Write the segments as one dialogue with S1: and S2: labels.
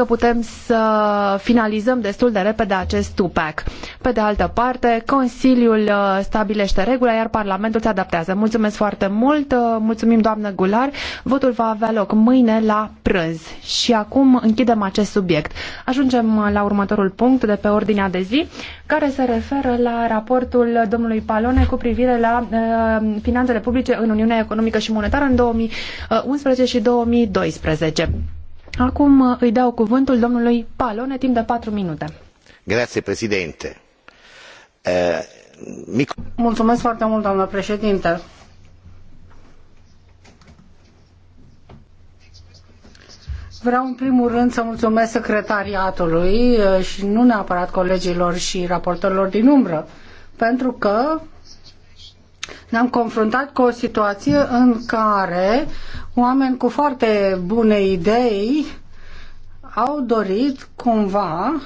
S1: că putem să finalizăm destul de repede acest tupac. Pe de altă parte, Consiliul uh, stabilește regula, iar Parlamentul se adaptează. Mulțumesc foarte mult, uh, mulțumim doamnă Gular. Votul va avea loc mâine la prânz. Și acum închidem acest subiect. Ajungem uh, la următorul punct de pe ordinea de zi, care se referă la raportul domnului Palone cu privire la uh, finanțele publice în Uniunea Economică și Monetară în 2011 și 2012. Acum uh, îi dau cuvântul domnului Palone timp de patru minute.
S2: Grazie, președinte. Uh, mic...
S1: Mulțumesc foarte mult, doamnă președinte.
S3: Vreau în primul rând să mulțumesc secretariatului eh, și nu neapărat colegilor și raportorilor din umbră, pentru că ne-am confruntat cu o situație în care oameni cu foarte bune idei au dorit cumva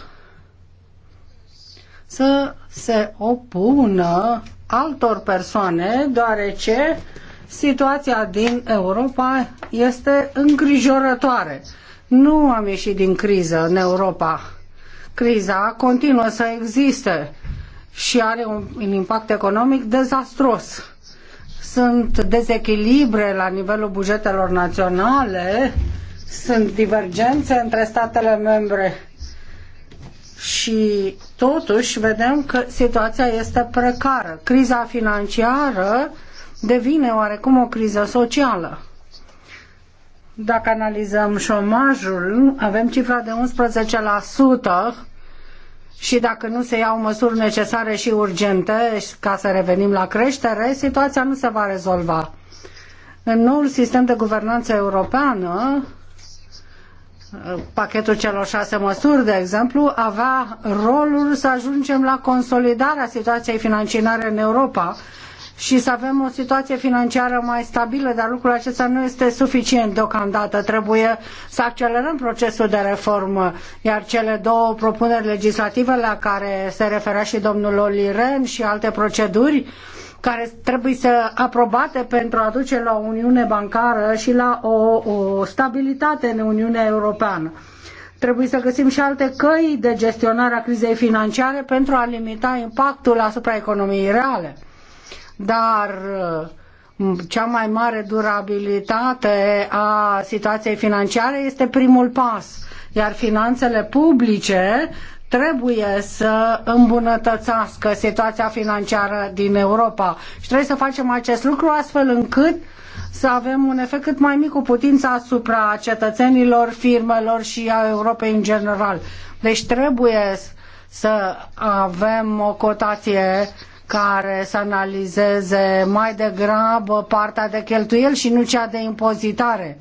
S3: să se opună altor persoane, deoarece situația din Europa este îngrijorătoare. Nu am ieșit din criză în Europa. Criza continuă să existe și are un, un impact economic dezastruos. Sunt dezechilibre la nivelul bugetelor naționale, sunt divergențe între statele membre și totuși vedem că situația este precară. Criza financiară devine oarecum o criză socială. Dacă analizăm șomajul, avem cifra de 11% și dacă nu se iau măsuri necesare și urgente ca să revenim la creștere, situația nu se va rezolva. În noul sistem de guvernanță europeană, pachetul celor șase măsuri, de exemplu, avea rolul să ajungem la consolidarea situației financiare în Europa și să avem o situație financiară mai stabilă, dar lucrul acesta nu este suficient deocamdată. Trebuie să accelerăm procesul de reformă, iar cele două propuneri legislative la care se referea și domnul Oliren și alte proceduri care trebuie să aprobate pentru a duce la o uniune bancară și la o, o stabilitate în Uniunea Europeană trebuie să găsim și alte căi de gestionare a crizei financiare pentru a limita impactul asupra economiei reale dar uh, cea mai mare durabilitate a situației financiare este primul pas, iar finanțele publice trebuie să îmbunătățească situația financiară din Europa. Și trebuie să facem acest lucru astfel încât să avem un efect cât mai mic cu putința asupra cetățenilor, firmelor și a Europei în general. Deci trebuie să avem o cotație uh, care să analizeze mai degrabă partea de cheltuieli și nu cea de impozitare.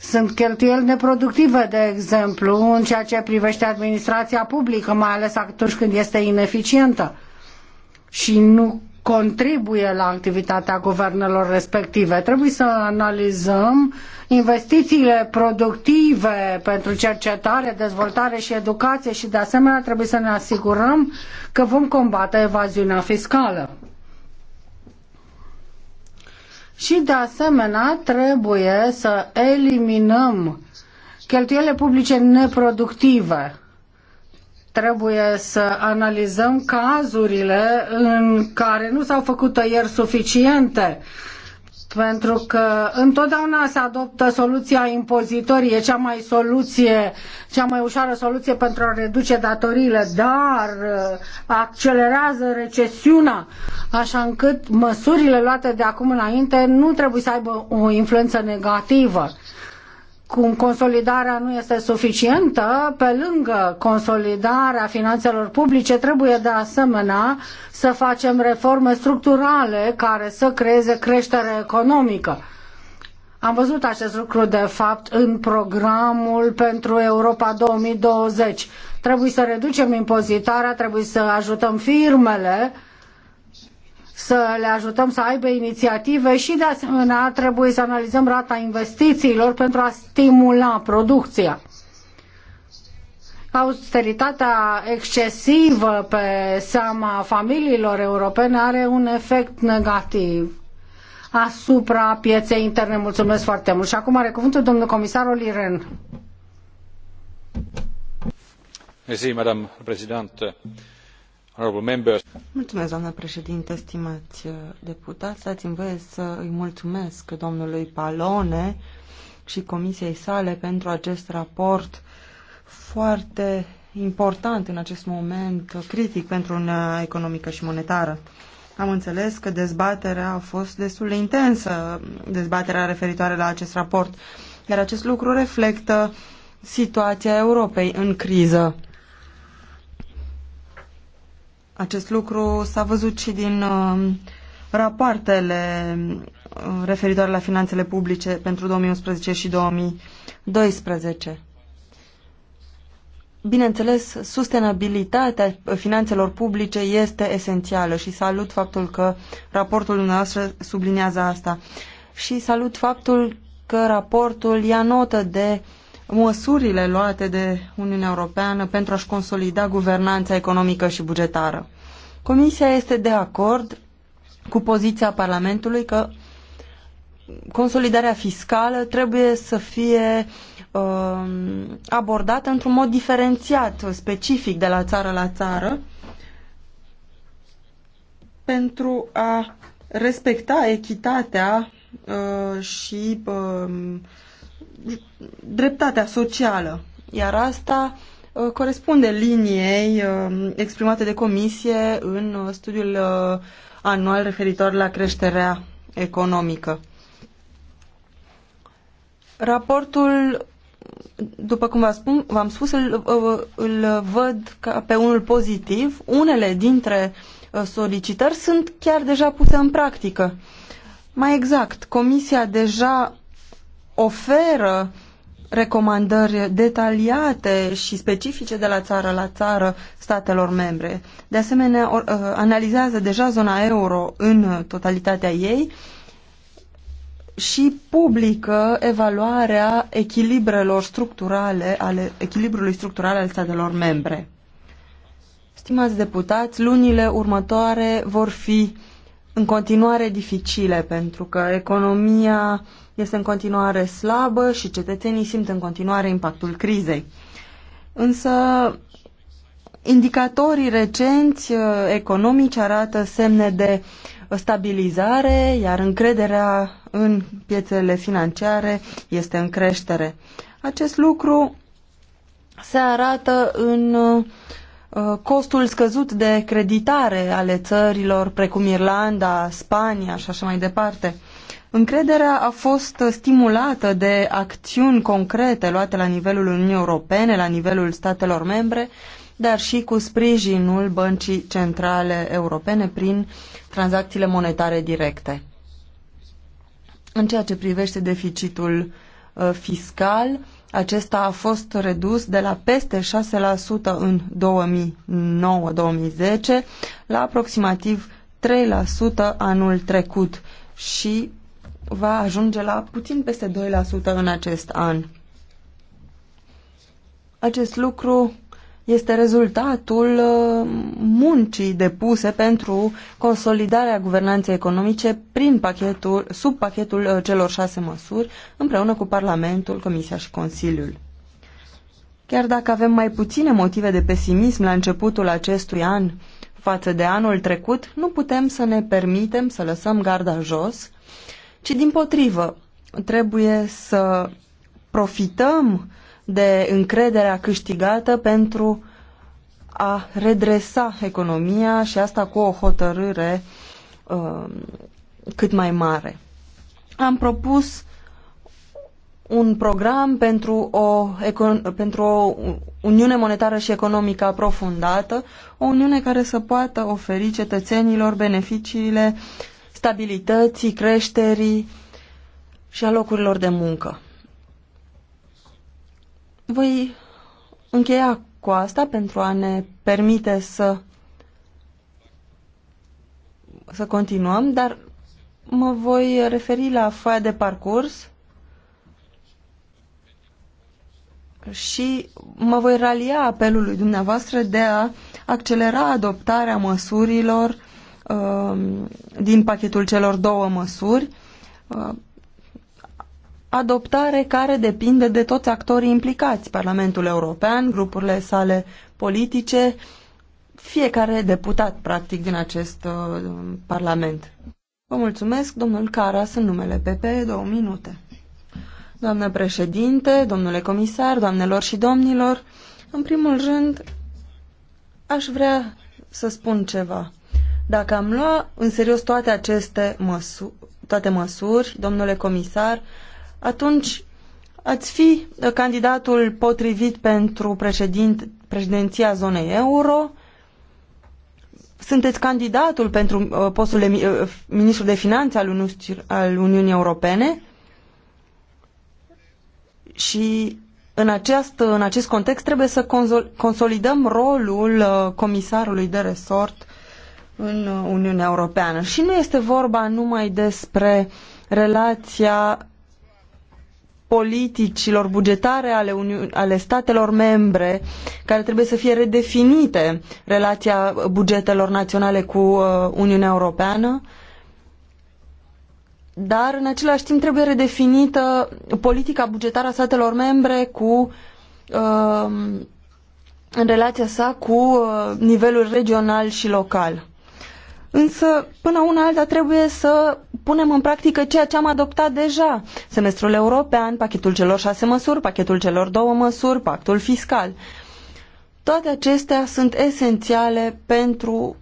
S3: Sunt cheltuieli neproductive, de exemplu, în ceea ce privește administrația publică, mai ales atunci când este ineficientă și nu contribuie la activitatea guvernelor respective. Trebuie să analizăm investițiile productive pentru cercetare, dezvoltare și educație și de asemenea trebuie să ne asigurăm că vom combate evaziunea fiscală. Și de asemenea trebuie să eliminăm cheltuielile publice neproductive trebuie să analizăm cazurile în care nu s-au făcut tăieri suficiente pentru că întotdeauna se adoptă soluția impozitorie, cea mai soluție, cea mai ușoară soluție pentru a reduce datoriile, dar uh, accelerează recesiunea, așa încât măsurile luate de acum înainte nu trebuie să aibă o influență negativă cum consolidarea nu este suficientă, pe lângă consolidarea finanțelor publice, trebuie de asemenea să facem reforme structurale care să creeze creștere economică. Am văzut acest lucru, de fapt, în programul pentru Europa 2020. Trebuie să reducem impozitarea, trebuie să ajutăm firmele uh, să le ajutăm să aibă inițiative și de asemenea trebuie să analizăm rata investițiilor pentru a stimula producția. Austeritatea excesivă pe seama familiilor europene are un efect negativ asupra pieței interne. Mulțumesc foarte mult. Și acum are cuvântul domnul comisar Oliren.
S2: Mulțumesc, doamnă președintă.
S4: Mulțumesc, doamnă președinte, stimați uh, deputați. Dați-mi voie să îi mulțumesc domnului Palone și comisiei sale pentru acest raport foarte important în acest moment uh, critic pentru Uniunea Economică și Monetară. Am înțeles că dezbaterea a fost destul de intensă, dezbaterea referitoare la acest raport, iar acest lucru reflectă situația Europei în criză acest lucru s-a văzut și din uh, rapoartele uh, referitoare la finanțele publice pentru 2011 și 2012. Bineînțeles, sustenabilitatea finanțelor publice este esențială și salut faptul că raportul dumneavoastră subliniază asta. Și salut faptul că raportul ia notă de uh, măsurile luate de Uniunea Europeană pentru a-și consolida guvernanța economică și bugetară. Comisia este de acord cu poziția Parlamentului că consolidarea fiscală trebuie să fie uh, abordată într-un mod diferențiat, specific de la țară la țară, pentru a respecta echitatea uh, și uh, dreptatea socială, iar asta uh, corespunde liniei uh, exprimate de comisie în uh, studiul anual referitor la creșterea economică. Raportul, după cum v-am spus, îl, îl văd ca pe unul pozitiv. Unele dintre solicitări sunt chiar deja puse în practică. Mai exact, Comisia deja oferă recomandări detaliate și specifice de la țară la țară statelor membre. De asemenea, uh, analizează deja zona euro în totalitatea ei și publică evaluarea echilibrelor structurale ale echilibrului structural al statelor membre. Stimați deputați, lunile următoare vor fi în continuare dificile pentru că economia este în continuare slabă și cetățenii simt în continuare impactul crizei. Însă indicatorii recenți uh, economici arată semne de stabilizare, iar încrederea în piețele financiare este în creștere. Acest lucru se arată în uh, costul scăzut de creditare ale țărilor precum Irlanda, Spania și așa mai departe. Încrederea a fost stimulată de acțiuni concrete luate la nivelul Uniunii Europene, la nivelul statelor membre, dar și cu sprijinul Băncii Centrale Europene prin tranzacțiile monetare directe. În ceea ce privește deficitul uh, fiscal, acesta a fost redus de la peste 6% în 2009-2010 la aproximativ 3% anul trecut și va ajunge la puțin peste 2% în acest an. Acest lucru este rezultatul uh, muncii depuse pentru consolidarea guvernanței economice prin pachetul, sub pachetul uh, celor șase măsuri, împreună cu Parlamentul, Comisia și Consiliul. Chiar dacă avem mai puține motive de pesimism la începutul acestui an față de anul trecut, nu putem să ne permitem să lăsăm garda jos ci din potrivă, trebuie să profităm de încrederea câștigată pentru a redresa economia și asta cu o hotărâre uh, cât mai mare. Am propus un program pentru o, pentru o uniune monetară și economică aprofundată, o uniune care să poată oferi cetățenilor beneficiile uh, stabilității, creșterii și a locurilor de muncă. Voi încheia cu asta pentru a ne permite să să continuăm, dar mă voi referi la foaia de parcurs și mă voi ralia apelului dumneavoastră de a accelera adoptarea măsurilor Um, din pachetul celor două măsuri, uh, adoptare care depinde de toți actorii implicați, Parlamentul European, grupurile sale politice, fiecare deputat, practic, din acest uh, Parlament. Vă mulțumesc, domnul Caras, în numele PP, două minute. Doamnă președinte, domnule comisar, doamnelor și domnilor, în primul rând, aș vrea să spun ceva. Dacă am lua în serios toate aceste măsuri, toate măsuri, domnule comisar, atunci ați fi candidatul potrivit pentru președint, președinția zonei euro, sunteți candidatul pentru uh, postul de uh, ministru de finanțe al, Uni al Uniunii Europene și în acest, în acest context trebuie să consolidăm rolul uh, comisarului de resort în Uniunea Europeană. Și nu este vorba numai despre relația politicilor bugetare ale, Uniun ale statelor membre care trebuie să fie redefinite relația bugetelor naționale cu uh, Uniunea Europeană, dar în același timp trebuie redefinită politica bugetară a statelor membre cu uh, în relația sa cu uh, nivelul regional și local. Însă, până una alta, trebuie să punem în practică ceea ce am adoptat deja. Semestrul european, pachetul celor șase măsuri, pachetul celor două măsuri, pactul fiscal. Toate acestea sunt esențiale pentru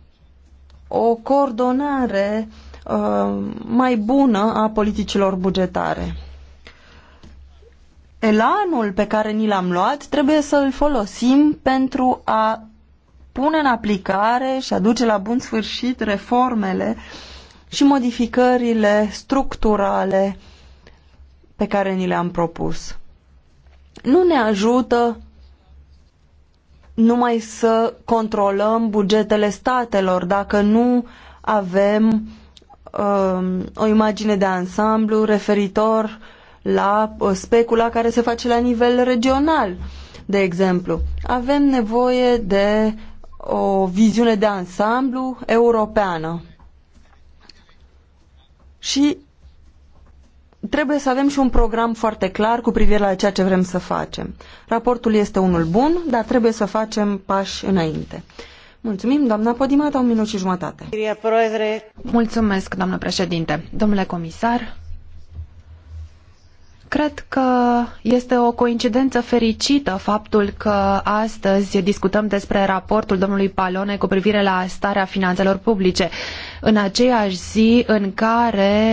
S4: o coordonare uh, mai bună a politicilor bugetare. Elanul pe care ni l-am luat trebuie să îl folosim pentru a pune în aplicare și aduce la bun sfârșit reformele și modificările structurale pe care ni le-am propus. Nu ne ajută numai să controlăm bugetele statelor dacă nu avem um, o imagine de ansamblu referitor la uh, specula care se face la nivel regional. De exemplu, avem nevoie de o viziune de ansamblu europeană. Și trebuie să avem și un program foarte clar cu privire la ceea ce vrem să facem. Raportul este unul bun, dar trebuie să facem pași înainte. Mulțumim, doamna Podimata, un minut și jumătate. Mulțumesc, doamnă președinte. Domnule comisar,
S1: Cred că este o coincidență fericită faptul că astăzi discutăm despre raportul domnului Palone cu privire la starea finanțelor publice, în aceeași zi în care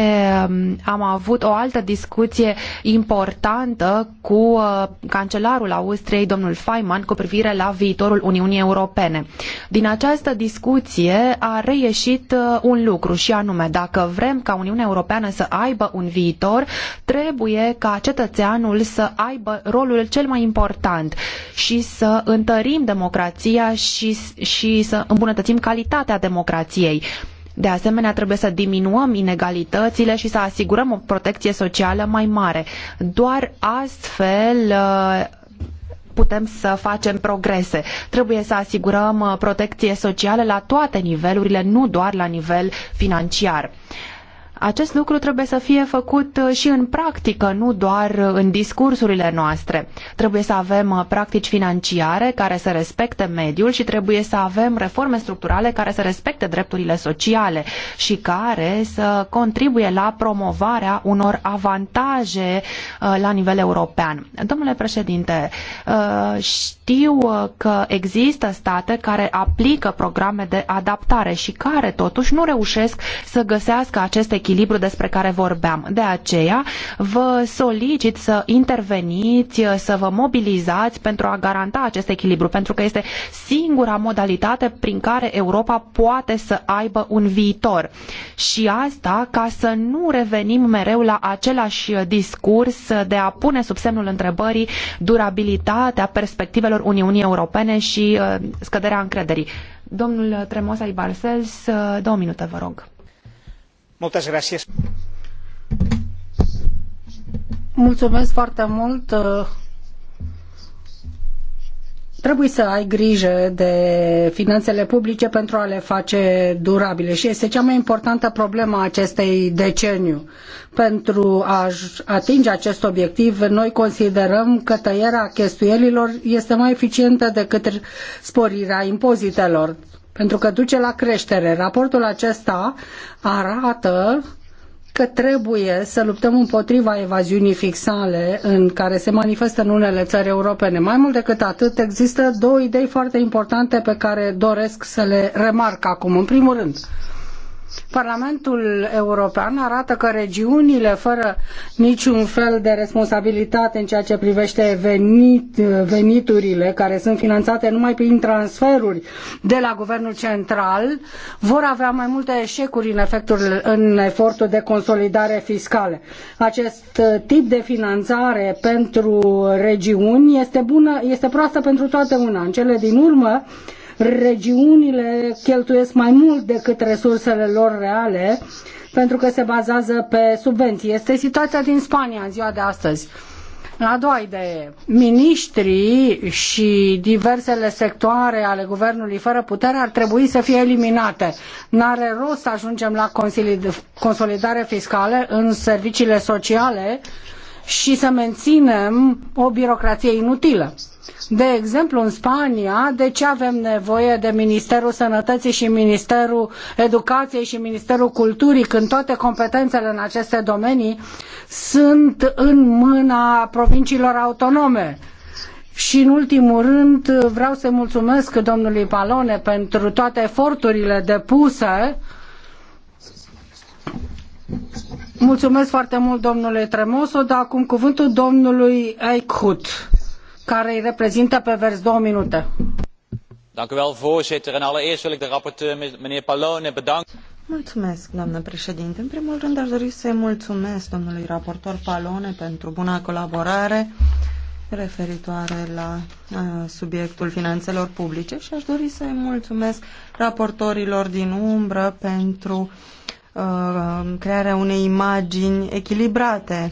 S1: um, am avut o altă discuție importantă cu uh, cancelarul Austriei, domnul Feynman, cu privire la viitorul Uniunii Europene. Din această discuție a reieșit uh, un lucru și anume, dacă vrem ca Uniunea Europeană să aibă un viitor, trebuie ca cetățeanul să aibă rolul cel mai important și să întărim democrația și, și să îmbunătățim calitatea democrației. De asemenea, trebuie să diminuăm inegalitățile și să asigurăm o protecție socială mai mare. Doar astfel uh, putem să facem progrese. Trebuie să asigurăm uh, protecție socială la toate nivelurile, nu doar la nivel financiar. Acest lucru trebuie să fie făcut uh, și în practică, nu doar uh, în discursurile noastre. Trebuie să avem uh, practici financiare care să respecte mediul și trebuie să avem reforme structurale care să respecte drepturile sociale și care să contribuie la promovarea unor avantaje la nivel european. Domnule președinte, știu că există state care aplică programe de adaptare și care totuși nu reușesc să găsească acest echilibru despre care vorbeam. De aceea vă solicit să interveniți, să vă mobilizați pentru a garanta acest echilibru, pentru că este singura modalitate prin care Europa poate să aibă un viitor. Și asta ca să nu revenim mereu la același discurs de a pune sub semnul întrebării durabilitatea perspectivelor Uniunii Europene și uh, scăderea încrederii. Domnul Tremosa Ibarsels, uh, două minute, vă rog.
S3: Trebuie să ai grijă de finanțele publice pentru a le face durabile și este cea mai importantă problemă a acestei deceniu. Pentru a atinge acest obiectiv, noi considerăm că tăierea chestuielilor este mai eficientă decât sporirea impozitelor pentru că duce la creștere. Raportul acesta arată că trebuie să luptăm împotriva evaziunii fiscale în care se manifestă în unele țări europene. Mai mult decât atât, există două idei foarte importante pe care doresc să le remarc acum. În primul rând, Parlamentul European arată că regiunile fără niciun fel de responsabilitate în ceea ce privește venit, veniturile care sunt finanțate numai prin transferuri de la guvernul central vor avea mai multe eșecuri în, efectul, în efortul de consolidare fiscală. Acest uh, tip de finanțare pentru regiuni este, bună, este proastă pentru toată una. În cele din urmă, regiunile cheltuiesc mai mult decât resursele lor reale pentru că se bazează pe subvenții. Este situația din Spania în ziua de astăzi. La a doua idee, miniștrii și diversele sectoare ale guvernului fără putere ar trebui să fie eliminate. N-are rost să ajungem la consolidare fiscală în serviciile sociale și să menținem o birocrație inutilă. De exemplu, în Spania, de ce avem nevoie de Ministerul Sănătății și Ministerul Educației și Ministerul Culturii, când toate competențele în aceste domenii sunt în mâna provinciilor autonome? Și în ultimul rând vreau să mulțumesc domnului Palone pentru toate eforturile depuse uh, Mulțumesc foarte mult, domnule Tremoso, dar acum cuvântul domnului Eichhut, care îi reprezintă pe vers două
S4: minute.
S2: voorzitter. En allereerst wil ik de rapporteur, meneer Pallone, bedanken.
S4: Mulțumesc, doamnă președinte. În primul rând aș dori să-i mulțumesc domnului raportor Palone pentru buna colaborare referitoare la uh, subiectul finanțelor publice și aș dori să-i mulțumesc raportorilor din umbră pentru Uh, crearea unei imagini echilibrate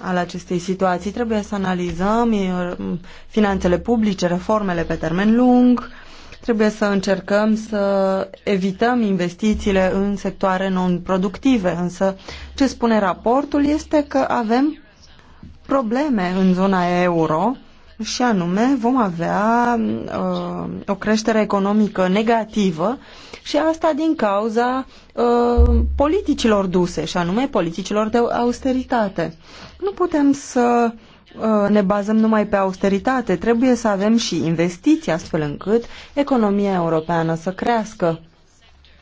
S4: al acestei situații. Trebuie să analizăm uh, finanțele publice, reformele pe termen lung, trebuie să încercăm să evităm investițiile în sectoare non-productive. Însă ce spune raportul este că avem probleme în zona euro și anume vom avea uh, o creștere economică negativă și asta din cauza uh, politicilor duse și anume politicilor de austeritate. Nu putem să uh, ne bazăm numai pe austeritate, trebuie să avem și investiții astfel încât economia europeană să crească.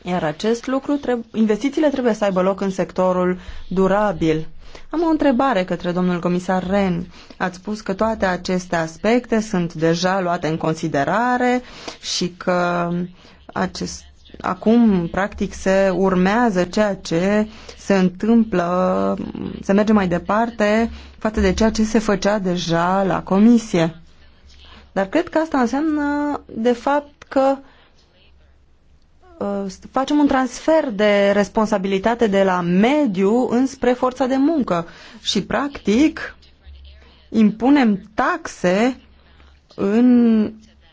S4: Iar acest lucru, investițiile trebuie să aibă loc în sectorul durabil am o întrebare către domnul comisar Ren. Ați spus că toate aceste aspecte sunt deja luate în considerare și că acest, acum, practic, se urmează ceea ce se întâmplă, se merge mai departe față de ceea ce se făcea deja la comisie. Dar cred că asta înseamnă, de fapt, că uh, Uh, facem un transfer de responsabilitate de la mediu înspre forța de muncă și, practic, impunem taxe în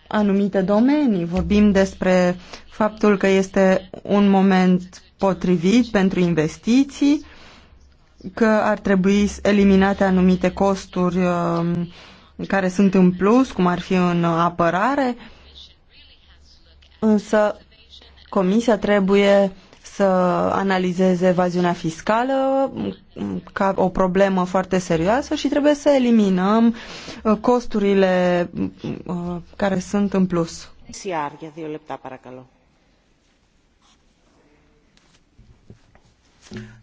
S4: anumite domenii. Vorbim despre faptul că este un moment potrivit pentru investiții, că ar trebui eliminate anumite costuri um, care sunt în plus, cum ar fi în apărare, însă Comisia trebuie să analizeze evaziunea fiscală ca o problemă foarte serioasă și trebuie să eliminăm uh, costurile uh, care sunt în plus.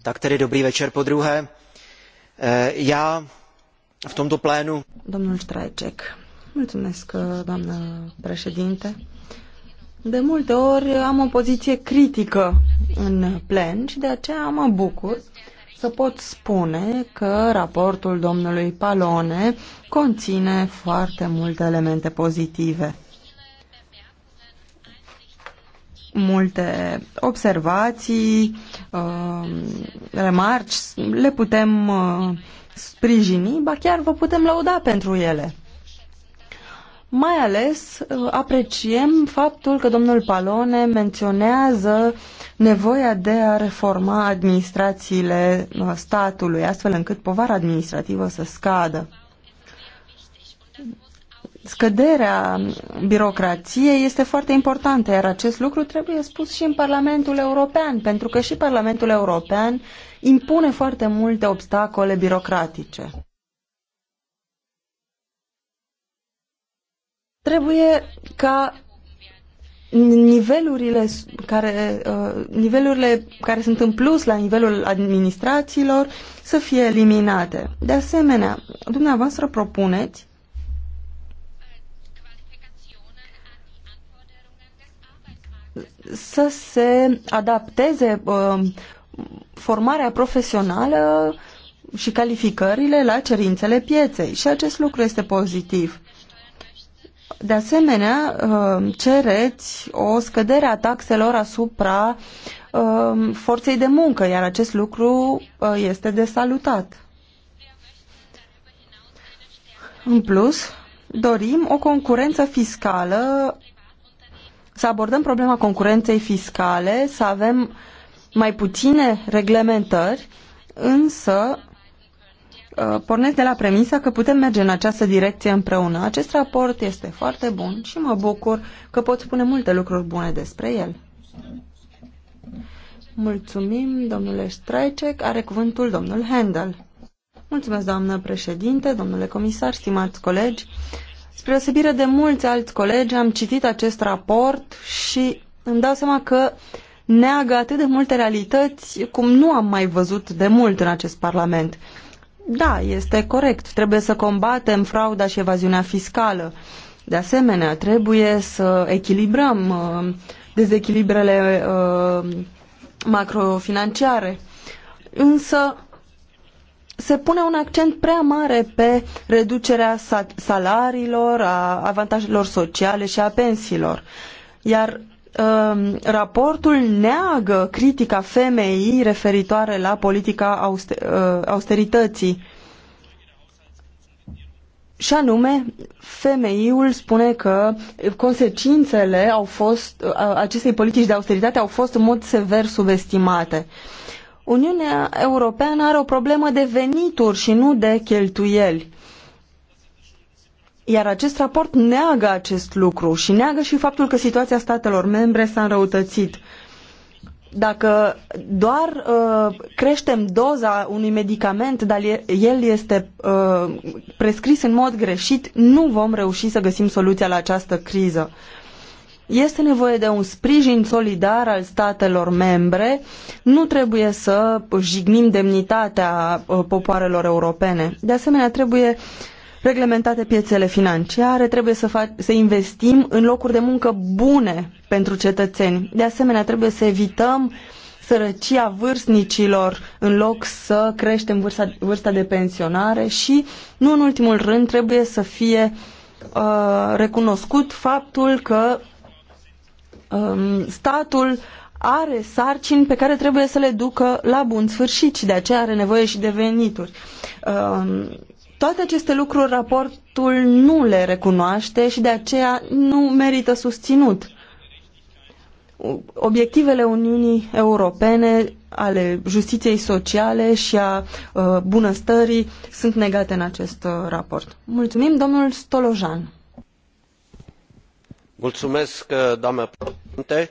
S2: Tak tedy dobrý večer po druhé. Eh, já v tomto plénu...
S4: Domnul Štrajček, mulțumesc, eh, doamnă președinte. De multe ori am o poziție critică în plen și de aceea mă bucur să pot spune că raportul domnului Palone conține foarte multe elemente pozitive. Multe observații, um, remarci, le putem uh, sprijini, ba chiar vă putem lauda pentru ele. Mai ales uh, apreciem faptul că domnul Palone menționează nevoia de a reforma administrațiile uh, statului, astfel încât povara administrativă să scadă. Scăderea birocrației este foarte importantă, iar acest lucru trebuie spus și în Parlamentul European, pentru că și Parlamentul European impune foarte multe obstacole birocratice. Trebuie ca nivelurile care, uh, nivelurile care sunt în plus la nivelul administrațiilor să fie eliminate. De asemenea, dumneavoastră propuneți să se adapteze uh, formarea profesională și calificările la cerințele pieței și acest lucru este pozitiv. De asemenea, uh, cereți o scădere a taxelor asupra um, forței de muncă, iar acest lucru uh, este de salutat. În plus, dorim o concurență fiscală, să abordăm problema concurenței fiscale, să avem mai puține reglementări, însă Uh, pornesc de la premisa că putem merge în această direcție împreună. Acest raport este foarte bun și mă bucur că pot spune multe lucruri bune despre el. Mulțumim, domnule Strajcek. Are cuvântul domnul Handel. Mulțumesc, doamnă președinte, domnule comisar, stimați colegi. Spre osebire de mulți alți colegi, am citit acest raport și îmi dau seama că neagă atât de multe realități cum nu am mai văzut de mult în acest Parlament. Da, este corect. Trebuie să combatem frauda și evaziunea fiscală. De asemenea, trebuie să echilibrăm uh, dezechilibrele uh, macrofinanciare. Însă se pune un accent prea mare pe reducerea salariilor, a avantajelor sociale și a pensiilor. Iar Um, raportul neagă critica femeii referitoare la politica auster, uh, austerității. Și anume, femeiul spune că consecințele au fost, uh, acestei politici de austeritate au fost în mod sever subestimate. Uniunea Europeană are o problemă de venituri și nu de cheltuieli. Uh, iar acest raport neagă acest lucru și neagă și faptul că situația statelor membre s-a înrăutățit. Dacă doar uh, creștem doza unui medicament, dar el este uh, prescris în mod greșit, nu vom reuși să găsim soluția la această criză. Este nevoie de un sprijin solidar al statelor membre. Nu trebuie să jignim demnitatea uh, popoarelor europene. De asemenea, trebuie reglementate piețele financiare, trebuie să, să investim în locuri de muncă bune pentru cetățeni. De asemenea, trebuie să evităm sărăcia vârstnicilor în loc să creștem vârsta, vârsta de pensionare și, nu în ultimul rând, trebuie să fie uh, recunoscut faptul că um, statul are sarcini pe care trebuie să le ducă la bun sfârșit și de aceea are nevoie și de venituri. Um, toate aceste lucruri raportul nu le recunoaște și de aceea nu merită susținut. Obiectivele Uniunii Europene ale justiției sociale și a uh, bunăstării sunt negate în acest uh, raport. Mulțumim, domnul Stolojan.
S2: Mulțumesc, uh, doamnă președinte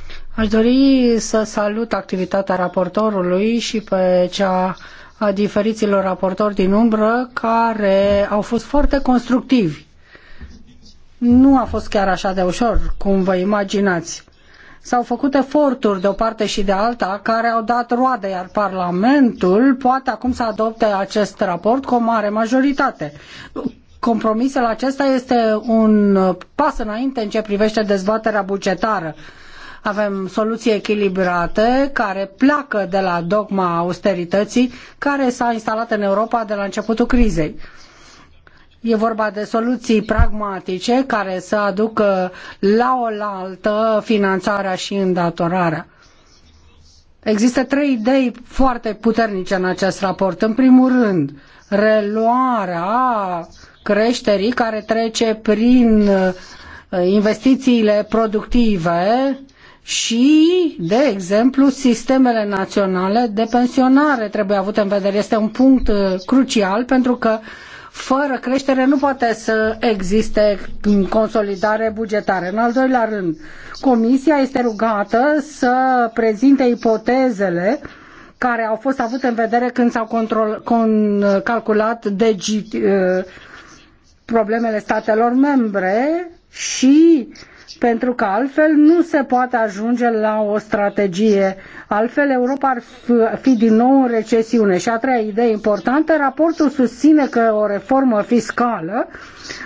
S3: Aș dori să salut activitatea raportorului și pe cea a diferiților raportori din umbră care au fost foarte constructivi. Nu a fost chiar așa de ușor, cum vă imaginați. S-au făcut eforturi de o parte și de alta care au dat roade, iar Parlamentul poate acum să adopte acest raport cu o mare majoritate. Compromisul acesta este un pas înainte în ce privește dezbaterea bugetară avem soluții echilibrate care pleacă de la dogma austerității care s-a instalat în Europa de la începutul crizei. E vorba de soluții pragmatice care să aducă la oaltă finanțarea și îndatorarea. Există trei idei foarte puternice în acest raport. În primul rând, reluarea creșterii care trece prin uh, investițiile productive și, de exemplu, sistemele naționale de pensionare trebuie avut în vedere. Este un punct uh, crucial pentru că fără creștere nu poate să existe consolidare bugetară. În al doilea rând, Comisia este rugată să prezinte ipotezele care au fost avute în vedere când s-au control, con, calculat uh, problemele statelor membre și uh, pentru că altfel nu se poate ajunge la o strategie. Altfel Europa ar fi din nou în recesiune. Și a treia idee importantă, raportul susține că o reformă fiscală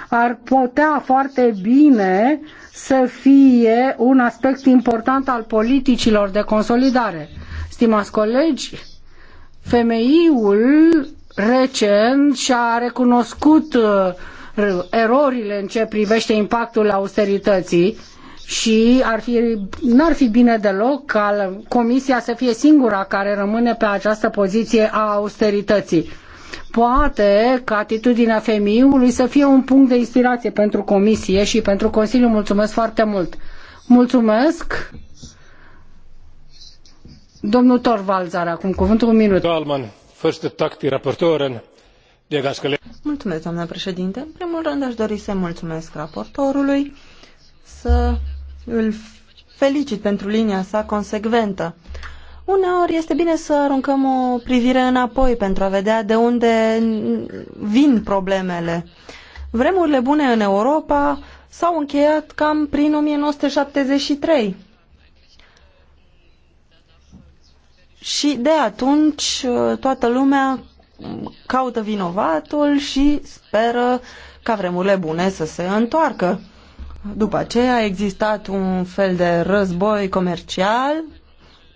S3: ar putea foarte bine să fie un aspect important al politicilor de consolidare. Stimați colegi, FMI-ul recent și-a recunoscut uh, erorile în ce privește impactul austerității și ar fi, n-ar fi bine deloc ca Comisia să fie singura care rămâne pe această poziție a austerității. Poate că atitudinea femeiului să fie un punct de inspirație pentru Comisie și pentru Consiliu. Mulțumesc foarte mult! Mulțumesc!
S4: Domnul Torvalds are acum cuvântul un minut. Talman, first attack raportoren. Mulțumesc, doamnă președinte. În primul rând aș dori să mulțumesc raportorului, să îl felicit pentru linia sa consecventă. Uneori este bine să aruncăm o privire înapoi pentru a vedea de unde vin problemele. Vremurile bune în Europa s-au încheiat cam prin 1973. Și de atunci toată lumea caută vinovatul și speră ca vremurile bune să se întoarcă. După aceea a existat un fel de război comercial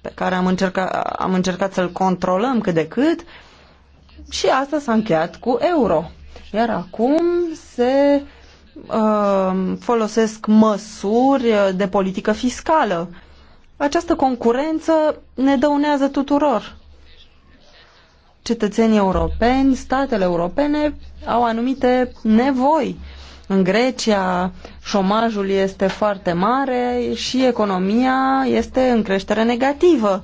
S4: pe care am, încercat, am încercat să-l controlăm cât de cât și asta s-a încheiat cu euro. Iar acum se uh, folosesc măsuri de politică fiscală. Această concurență ne dăunează tuturor cetățenii europeni, statele europene au anumite nevoi. În Grecia șomajul este foarte mare și economia este în creștere negativă.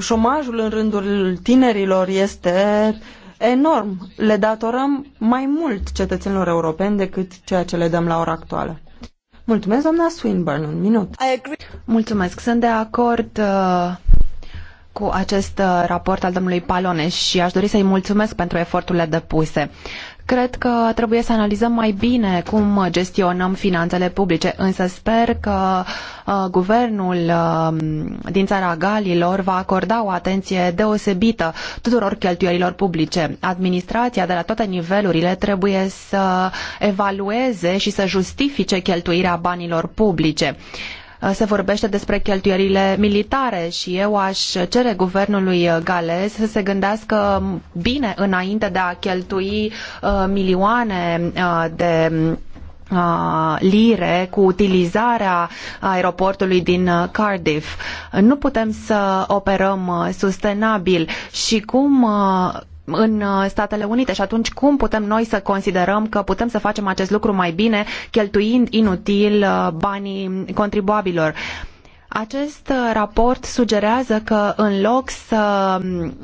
S4: Șomajul în rândul tinerilor este enorm. Le datorăm mai mult cetățenilor europeni decât ceea ce le dăm la ora actuală. Mulțumesc, doamna Swinburne, un minut.
S1: Mulțumesc, sunt de acord uh cu acest uh, raport al domnului Palones și aș dori să-i mulțumesc pentru eforturile depuse. Cred că trebuie să analizăm mai bine cum gestionăm finanțele publice, însă sper că uh, guvernul uh, din țara Galilor va acorda o atenție deosebită tuturor cheltuielilor publice. Administrația de la toate nivelurile trebuie să evalueze și să justifice cheltuirea banilor publice. Uh, Uh, se vorbește despre cheltuielile militare și eu aș cere guvernului uh, galez să se gândească bine înainte de a cheltui uh, milioane de lire cu utilizarea aeroportului din Cardiff. Nu putem să operăm sustenabil și cum în uh, Statele Unite și atunci cum putem noi să considerăm că putem să facem acest lucru mai bine cheltuind inutil uh, banii contribuabilor? Acest uh, raport sugerează că în loc să mm,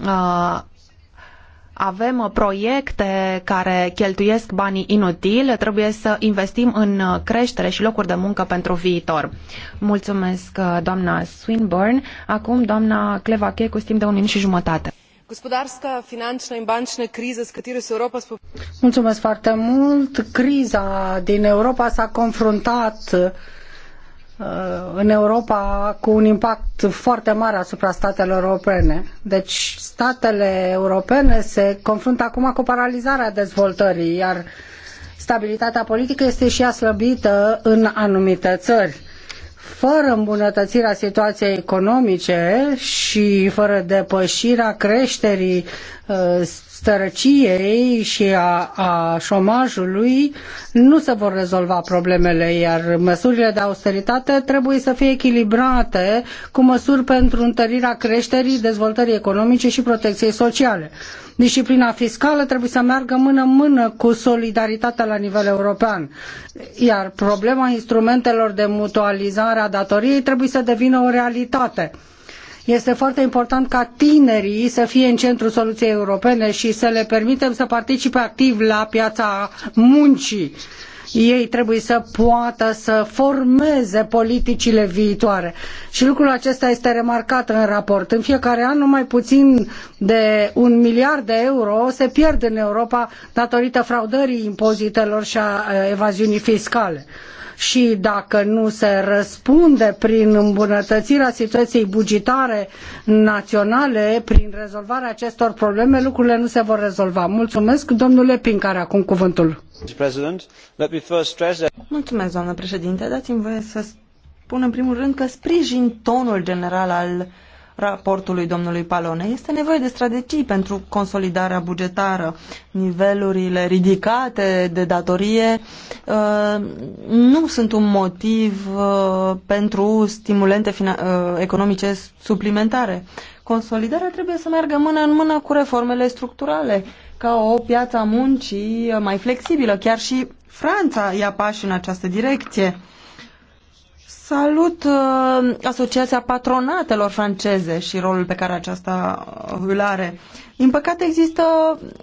S1: avem proiecte care cheltuiesc banii inutil, trebuie să investim în creștere și locuri de muncă pentru viitor. Mulțumesc, doamna Swinburne. Acum, doamna Clevache, cu timp de un minut și jumătate
S4: gospodarska finančna in bančna kriza s katero se evropa
S1: Mulțumesc foarte mult.
S3: Criza din Europa s-a confruntat uh, în Europa cu un impact foarte mare asupra statelor europene. Deci statele europene se confruntă acum cu paralizarea dezvoltării, iar stabilitatea politică este și ea slăbită în anumite țări fără îmbunătățirea situației economice și fără depășirea creșterii uh, sărăciei și a, a șomajului nu se vor rezolva problemele, iar măsurile de austeritate trebuie să fie echilibrate cu măsuri pentru întărirea creșterii, dezvoltării economice și protecției sociale. Disciplina fiscală trebuie să meargă mână-mână cu solidaritatea la nivel european, iar problema instrumentelor de mutualizare a datoriei trebuie să devină o realitate. Este foarte important ca tinerii să fie în centrul soluției europene și să le permitem să participe activ la piața muncii ei trebuie să poată să formeze politicile viitoare. Și lucrul acesta este remarcat în raport. În fiecare an, numai puțin de un miliard de euro se pierd în Europa datorită fraudării impozitelor și a uh, evaziunii fiscale și dacă nu se răspunde prin îmbunătățirea situației bugetare naționale, prin rezolvarea acestor probleme, lucrurile nu se vor rezolva. Mulțumesc, domnule Pin, care acum cuvântul.
S4: Mulțumesc, doamnă președinte. Dați-mi voie să spun în primul rând că sprijin tonul general al raportului domnului Palone. Este nevoie de strategii pentru consolidarea bugetară. Nivelurile ridicate de datorie uh, nu sunt un motiv uh, pentru stimulente uh, economice suplimentare. Consolidarea trebuie să meargă mână în mână cu reformele structurale, ca o piață a muncii mai flexibilă. Chiar și Franța ia pași în această direcție Salut uh, Asociația Patronatelor franceze și rolul pe care aceasta îl are. Din păcate există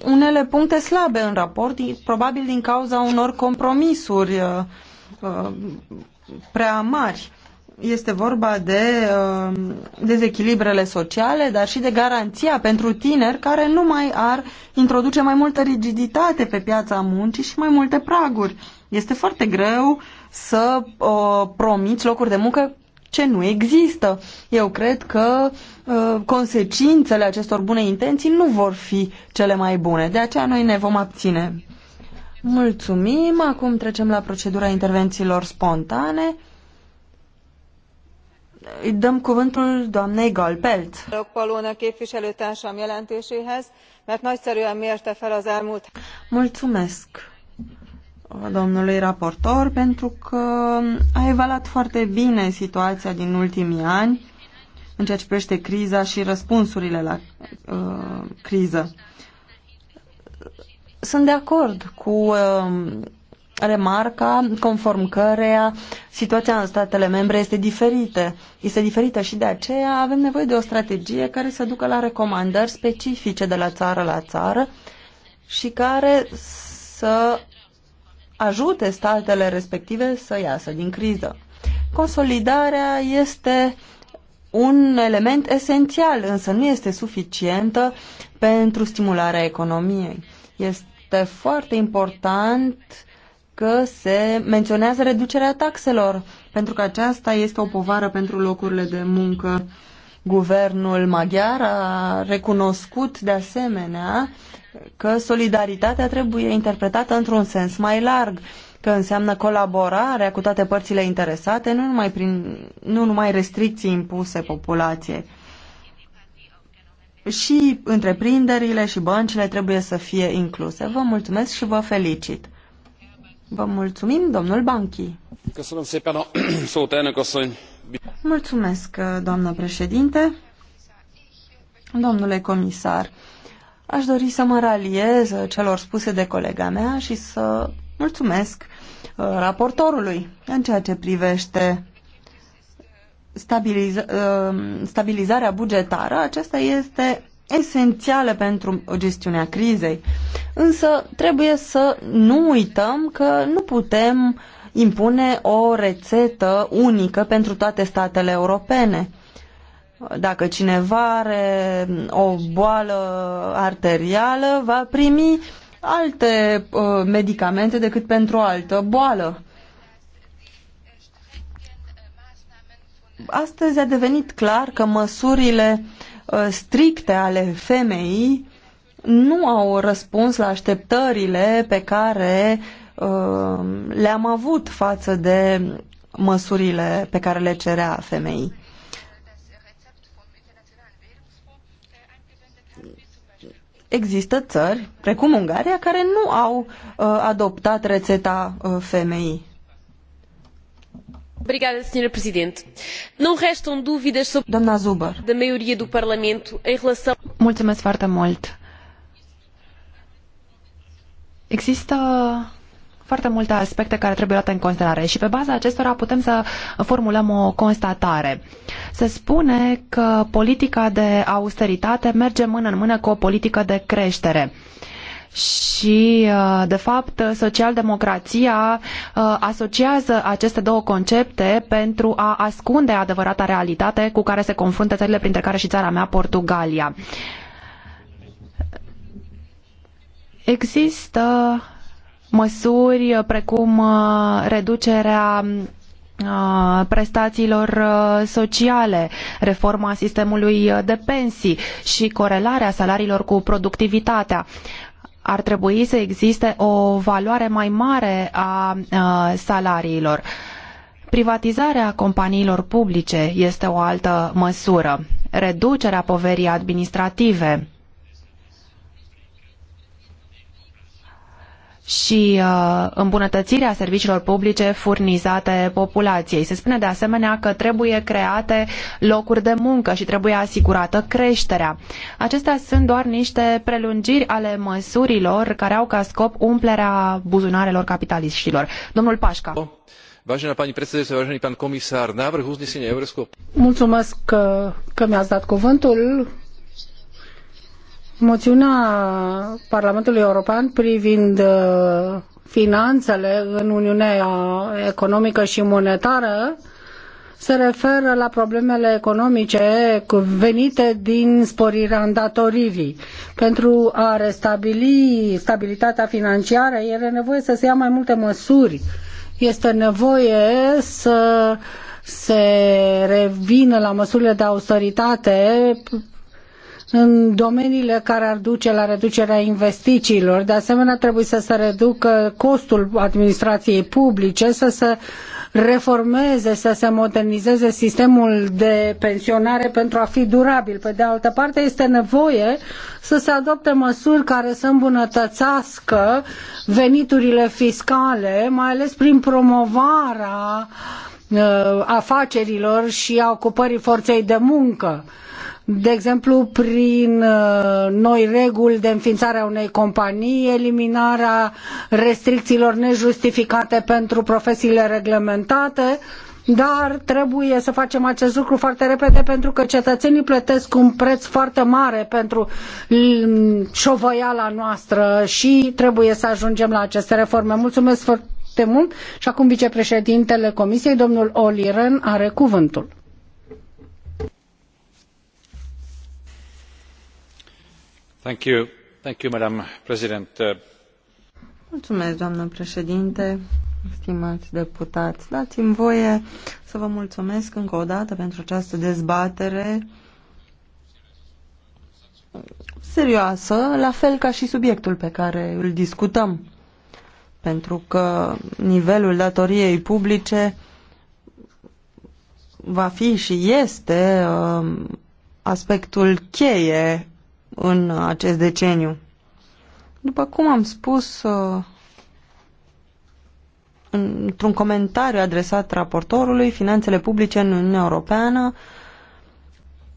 S4: unele puncte slabe în raport, probabil din cauza unor compromisuri uh, uh, prea mari. Este vorba de dezechilibrele sociale, dar și de garanția pentru tineri care nu mai ar introduce mai multă rigiditate pe piața muncii și mai multe praguri. Este foarte greu uh, să uh, promiți locuri de muncă ce nu există. Eu cred că uh, consecințele acestor bune intenții nu vor fi cele mai bune. De aceea noi ne vom abține. Mulțumim. Acum trecem la procedura intervențiilor spontane. Îi dăm cuvântul doamnei Galpelt. Mulțumesc domnului raportor pentru că a evaluat foarte bine situația din ultimii ani în ceea ce privește criza și răspunsurile la uh, criză. Sunt de acord cu uh, remarca conform căreia situația în statele membre este diferită. Este diferită și de aceea avem nevoie de o strategie care să ducă la recomandări specifice de la țară la țară și care să ajute statele respective să iasă din criză. Consolidarea este un element esențial, însă nu este suficientă pentru stimularea economiei. Este foarte important că se menționează reducerea taxelor, pentru că aceasta este o povară pentru locurile de muncă. Guvernul maghiar a recunoscut de asemenea că solidaritatea trebuie interpretată într-un sens mai larg, că înseamnă colaborarea cu toate părțile interesate, nu numai, prin, nu numai restricții impuse populației. Și întreprinderile și băncile trebuie să fie incluse. Vă mulțumesc și vă felicit. Vă mulțumim, domnul Banchi. Mulțumesc, doamnă președinte. Domnule comisar, Aș dori să mă raliez celor spuse de colega mea și să mulțumesc uh, raportorului în ceea ce privește stabiliza uh, stabilizarea bugetară. Aceasta este esențială pentru gestiunea crizei. Însă trebuie să nu uităm că nu putem impune o rețetă unică pentru toate statele europene. Dacă cineva are o boală arterială, va primi alte uh, medicamente decât pentru o altă boală. Astăzi a devenit clar că măsurile uh, stricte ale femeii nu au răspuns la așteptările pe care uh, le-am avut față de măsurile pe care le cerea femeii. există țări, precum Ungaria, care nu au uh, adoptat rețeta uh, FMI.
S2: Obrigada, Sra. Presidente. Não
S4: restam dúvidas sobre Doamna Zuber.
S2: da maioria do Parlamento em relação...
S4: Mulțumesc foarte mult.
S1: Există foarte multe aspecte care trebuie luate în considerare și pe baza acestora putem să formulăm o constatare. Se spune că politica de austeritate merge mână în mână cu o politică de creștere. Și, uh, de fapt, socialdemocrația uh, asociază aceste două concepte pentru a ascunde adevărata realitate cu care se confruntă țările, printre care și țara mea, Portugalia. Există măsuri uh, precum uh, reducerea uh, prestațiilor sociale, reforma sistemului de pensii și corelarea salariilor cu productivitatea ar trebui să existe o valoare mai mare a salariilor. Privatizarea companiilor publice este o altă măsură. Reducerea poverii administrative și uh, îmbunătățirea serviciilor publice furnizate populației. Se spune de asemenea că trebuie create locuri de muncă și trebuie asigurată creșterea. Acestea sunt doar niște prelungiri ale măsurilor care au ca scop umplerea buzunarelor capitaliștilor. Domnul Pașca.
S2: Vážená pani predsedajúca, vážený pán komisár, návrh uznesenia Európskeho...
S3: Mulțumesc că, că mi-ați dat cuvântul. Moțiunea Parlamentului European privind uh, finanțele în Uniunea Economică și Monetară se referă la problemele economice venite din sporirea îndatoririi. Pentru a restabili stabilitatea financiară, e nevoie să se ia mai multe măsuri. Este nevoie să se revină la măsurile de austeritate în domeniile care ar duce la reducerea investițiilor. De asemenea, trebuie să se reducă costul administrației publice, să se reformeze, să se modernizeze sistemul de pensionare pentru a fi durabil. Pe de altă parte, este nevoie să se adopte măsuri care să îmbunătățească veniturile fiscale, mai ales prin promovarea uh, afacerilor și a ocupării forței de muncă de exemplu, prin uh, noi reguli de înființare a unei companii, eliminarea restricțiilor nejustificate pentru profesiile reglementate, dar trebuie să facem acest lucru foarte repede pentru că cetățenii plătesc un preț foarte mare pentru mm, șovăiala noastră și trebuie să ajungem la aceste reforme. Mulțumesc foarte mult și acum vicepreședintele Comisiei, domnul Oli are cuvântul.
S2: Uh,
S4: mulțumesc, președinte, deputați. Dați-mi voie să vă mulțumesc încă o dată pentru această dezbatere serioasă, la fel ca și subiectul pe care îl discutăm. Pentru că nivelul datoriei publice va fi și este um, aspectul cheie în acest deceniu. După cum am spus uh, într-un comentariu adresat raportorului, finanțele publice în Uniunea Europeană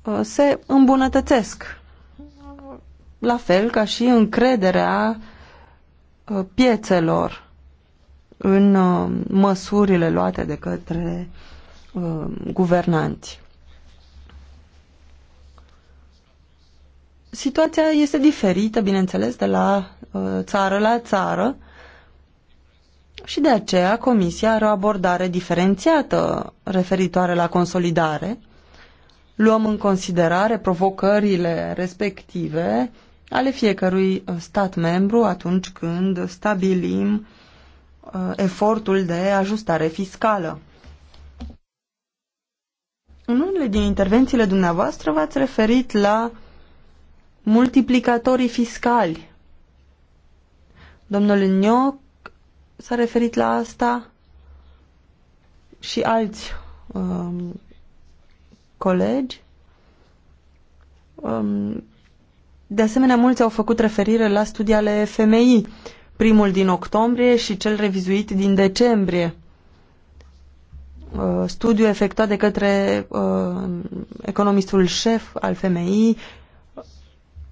S4: uh, se îmbunătățesc. La fel ca și încrederea uh, piețelor în măsurile luate de către guvernanți. Situația este diferită, bineînțeles, de la uh, țară la țară și de aceea Comisia are o abordare diferențiată referitoare la consolidare. Luăm în considerare provocările respective ale fiecărui uh, stat membru atunci când stabilim uh, efortul de ajustare fiscală. În unele din intervențiile dumneavoastră v-ați referit la uh, multiplicatorii fiscali. Domnul Nioc s-a referit la asta și alți um, colegi. Um, de asemenea, mulți au făcut referire la studii ale FMI, primul din octombrie și cel revizuit din decembrie. Uh, studiu efectuat de către uh, economistul șef al FMI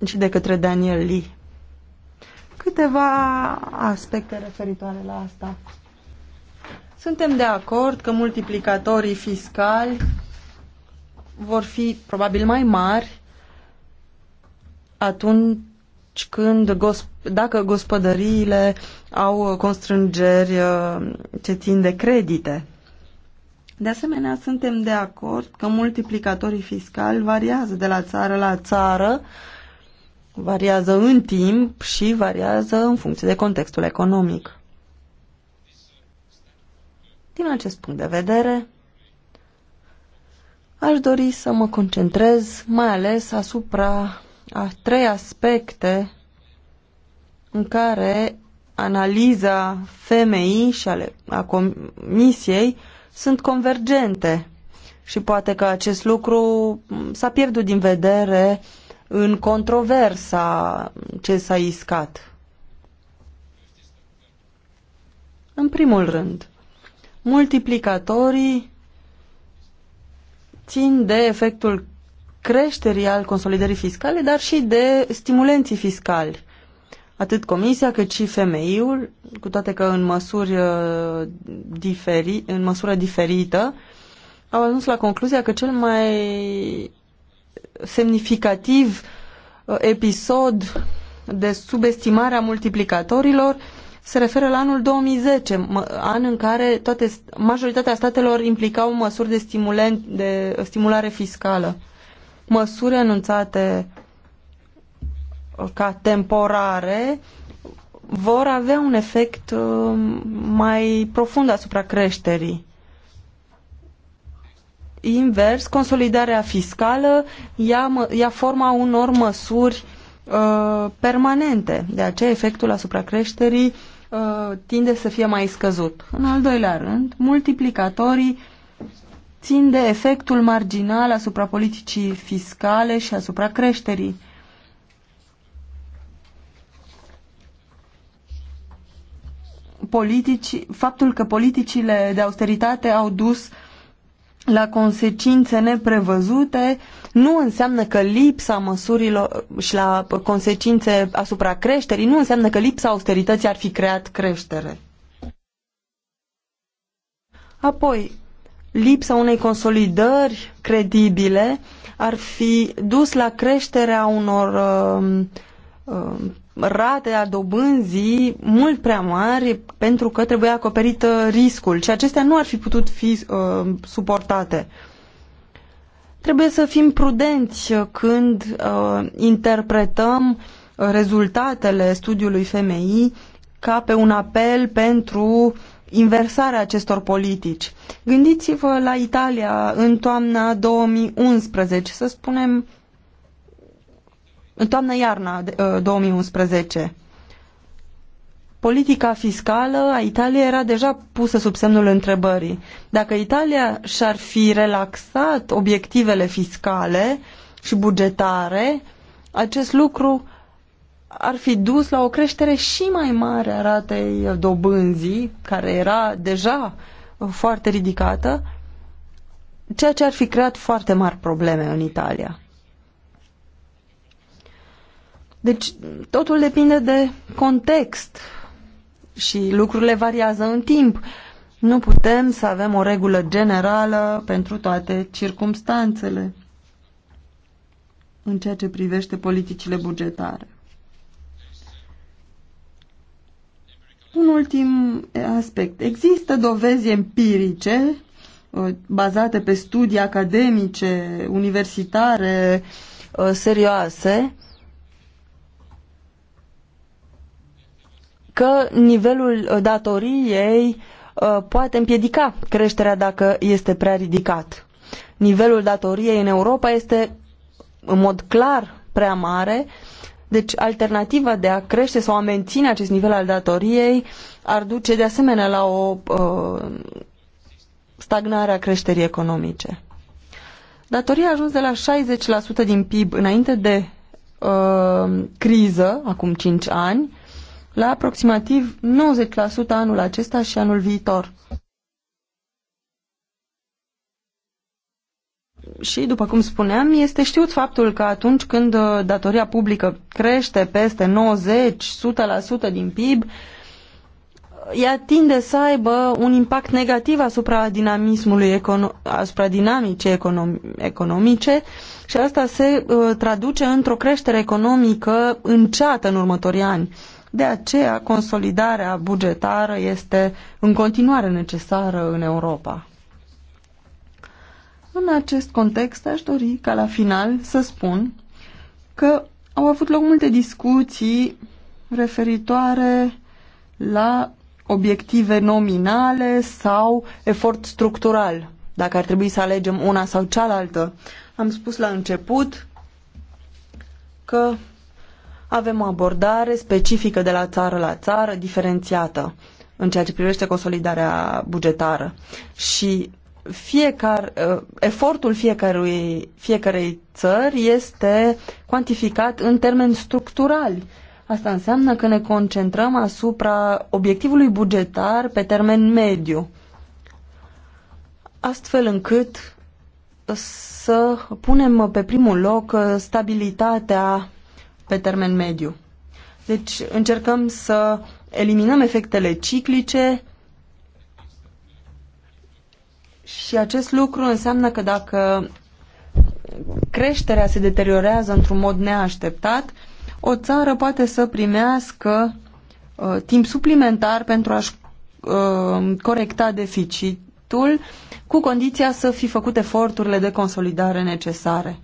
S4: și de către Daniel Lee. Câteva aspecte referitoare la asta. Suntem de acord că multiplicatorii fiscali vor fi probabil mai mari atunci când dacă gospodăriile au constrângeri uh, ce țin de credite. De asemenea, suntem de acord că multiplicatorii fiscali variază de la țară la țară variază în timp și variază în funcție de contextul economic. Din acest punct de vedere, aș dori să mă concentrez mai ales asupra a trei aspecte în care analiza femeii și ale, a comisiei sunt convergente și poate că acest lucru s-a pierdut din vedere uh, în controversa ce s-a iscat. În primul rând, multiplicatorii țin de efectul creșterii al consolidării fiscale, dar și de stimulenții fiscali. Atât Comisia cât și femeiul, cu toate că în, măsuri, uh, diferi, în măsură diferită, au ajuns la concluzia că cel mai semnificativ uh, episod de subestimare a multiplicatorilor se referă la anul 2010, an în care toate, majoritatea statelor implicau măsuri de, stimulent, de stimulare fiscală. Măsuri anunțate uh, ca temporare vor avea un efect uh, mai profund asupra creșterii invers, consolidarea fiscală ia, ia forma unor măsuri uh, permanente. De aceea efectul asupra creșterii uh, tinde să fie mai scăzut. În al doilea rând, multiplicatorii țin de efectul marginal asupra politicii fiscale și asupra creșterii. Politici, faptul că politicile de austeritate au dus uh, la consecințe neprevăzute nu înseamnă că lipsa măsurilor și la consecințe asupra creșterii nu înseamnă că lipsa austerității ar fi creat creștere. Apoi, lipsa unei consolidări credibile ar fi dus la creșterea unor uh, uh, rate a dobânzii mult prea mari pentru că trebuia acoperit uh, riscul și acestea nu ar fi putut fi uh, suportate. Trebuie să fim prudenți uh, când uh, interpretăm uh, rezultatele studiului FMI ca pe un apel pentru inversarea acestor politici. Gândiți-vă la Italia în toamna 2011, să spunem în toamnă-iarna 2011. Uh, Politica fiscală a Italiei era deja pusă sub semnul întrebării. Dacă Italia și-ar fi relaxat obiectivele fiscale și bugetare, acest lucru ar fi dus la o creștere și mai mare a ratei dobânzii, care era deja foarte ridicată, ceea ce ar fi creat foarte mari probleme în Italia. Deci totul depinde de context și lucrurile variază în timp. Nu putem să avem o regulă generală pentru toate circumstanțele în ceea ce privește politicile bugetare. Un ultim aspect. Există dovezi empirice uh, bazate pe studii academice, universitare, uh, serioase, că nivelul uh, datoriei uh, poate împiedica creșterea dacă este prea ridicat. Nivelul datoriei în Europa este în mod clar prea mare, deci alternativa de a crește sau a menține acest nivel al datoriei ar duce de asemenea la o uh, stagnare a creșterii economice. Datoria a ajuns de la 60% din PIB înainte de uh, criză, acum 5 ani, la aproximativ 90% anul acesta și anul viitor. Și, după cum spuneam, este știut faptul că atunci când uh, datoria publică crește peste 90-100% din PIB, ea tinde să aibă un impact negativ asupra dinamismului econo- asupra dinamicii econom- economice și asta se uh, traduce într-o creștere economică înceată în următorii ani. De aceea, consolidarea bugetară este în continuare necesară în Europa. În acest context, aș dori ca la final să spun că au avut loc multe discuții referitoare la obiective nominale sau efort structural, dacă ar trebui să alegem una sau cealaltă. Am spus la început că avem o abordare specifică de la țară la țară, diferențiată în ceea ce privește consolidarea bugetară. Și fiecare, uh, efortul fiecărui fiecarei țări este cuantificat în termeni structurali. Asta înseamnă că ne concentrăm asupra obiectivului bugetar pe termen mediu, astfel încât să punem pe primul loc stabilitatea pe termen mediu. Deci încercăm să eliminăm efectele ciclice și acest lucru înseamnă că dacă creșterea se deteriorează într-un mod neașteptat, o țară poate să primească uh, timp suplimentar pentru a-și uh, corecta deficitul, cu condiția să fi făcut eforturile de consolidare necesare.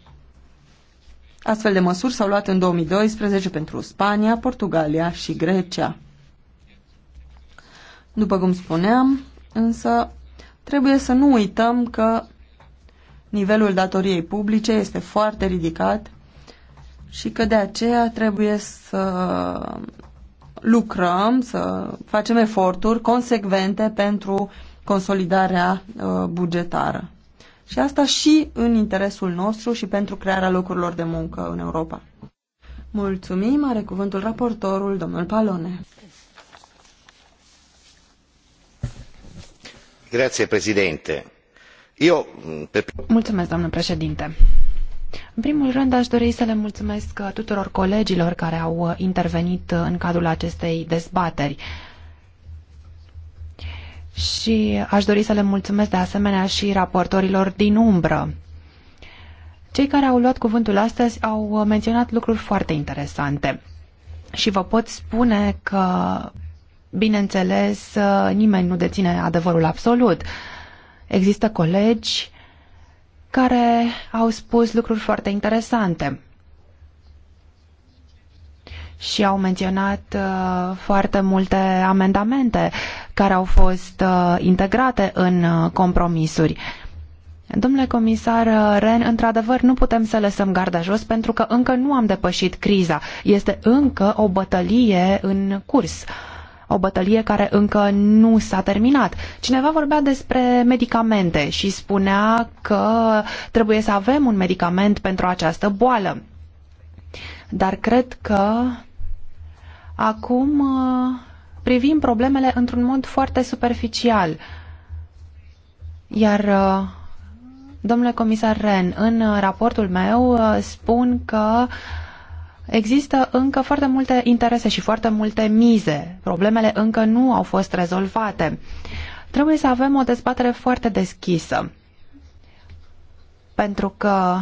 S4: Astfel de măsuri s-au luat în 2012 pentru Spania, Portugalia și Grecia. După cum spuneam, însă trebuie să nu uităm că nivelul datoriei publice este foarte ridicat și că de aceea trebuie să lucrăm, să facem eforturi consecvente pentru consolidarea uh, bugetară. Și asta și în interesul nostru și pentru crearea locurilor de muncă în Europa. Mulțumim, are cuvântul raportorul, domnul Palone.
S2: Grazie, președinte. Eu... Pe...
S4: Mulțumesc, doamnă
S1: președinte. În primul rând, aș dori să le mulțumesc tuturor colegilor care au intervenit în cadrul acestei dezbateri și aș dori să le mulțumesc de asemenea și raportorilor din umbră. Cei care au luat cuvântul astăzi au menționat lucruri foarte interesante și vă pot spune că, bineînțeles, nimeni nu deține adevărul absolut. Există colegi care au spus lucruri foarte interesante și au menționat uh, foarte multe amendamente care au fost uh, integrate în uh, compromisuri. Domnule comisar uh, Ren, într-adevăr nu putem să lăsăm garda jos pentru că încă nu am depășit criza. Este încă o bătălie în curs. O bătălie care încă nu s-a terminat. Cineva vorbea despre medicamente și spunea că trebuie să avem un medicament pentru această boală. Dar cred că acum privim problemele într-un mod foarte superficial. Iar, uh, domnule comisar Ren, în uh, raportul meu uh, spun că există încă foarte multe interese și foarte multe mize. Problemele încă nu au fost rezolvate. Trebuie să avem o dezbatere foarte deschisă. Pentru că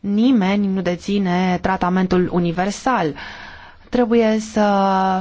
S1: nimeni nu deține tratamentul universal. Uh, Trebuie să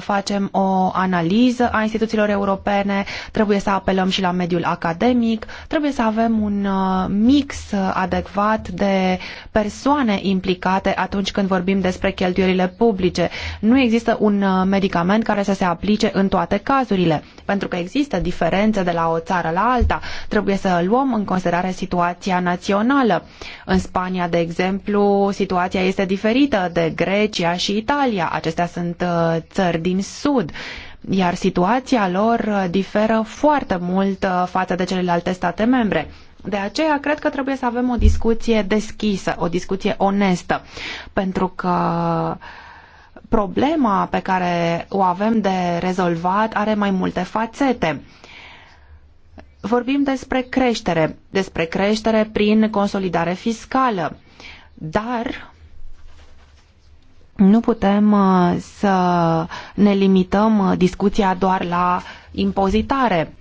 S1: facem o analiză a instituțiilor europene, trebuie să apelăm și la mediul academic, trebuie să avem un uh, mix adecvat de persoane implicate atunci când vorbim despre cheltuielile publice. Nu există un uh, medicament care să se aplice în toate cazurile, pentru că există diferențe de la o țară la alta. Trebuie să luăm în considerare situația națională. În Spania, de exemplu, situația este diferită de Grecia și Italia. Aceste acestea sunt uh, țări din sud, iar situația lor uh, diferă foarte mult uh, față de celelalte state membre. De aceea, cred că trebuie să avem o discuție deschisă, o discuție onestă, pentru că problema pe care o avem de rezolvat are mai multe fațete. Vorbim despre creștere, despre creștere prin consolidare fiscală, dar nu putem uh, să ne limităm uh, discuția doar la impozitare.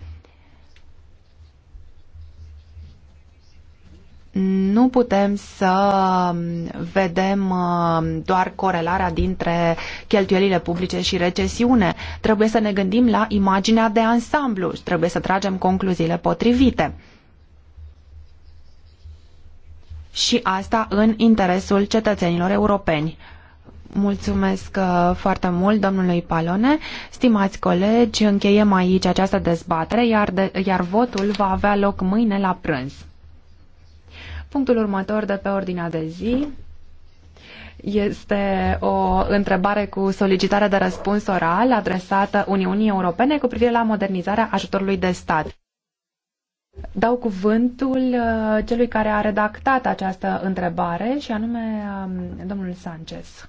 S1: Nu putem să um, vedem uh, doar corelarea dintre cheltuielile publice și recesiune. Trebuie să ne gândim la imaginea de ansamblu și trebuie să tragem concluziile potrivite și asta în interesul cetățenilor europeni. Mulțumesc uh, foarte mult domnului Palone. Stimați colegi, încheiem aici această dezbatere, iar, de, iar votul va avea loc mâine la prânz. Punctul următor de pe ordinea de zi este o întrebare cu solicitare de răspuns oral adresată Uniunii Europene cu privire la modernizarea ajutorului de stat. Dau cuvântul uh, celui care a redactat această întrebare și anume um, domnul Sanchez.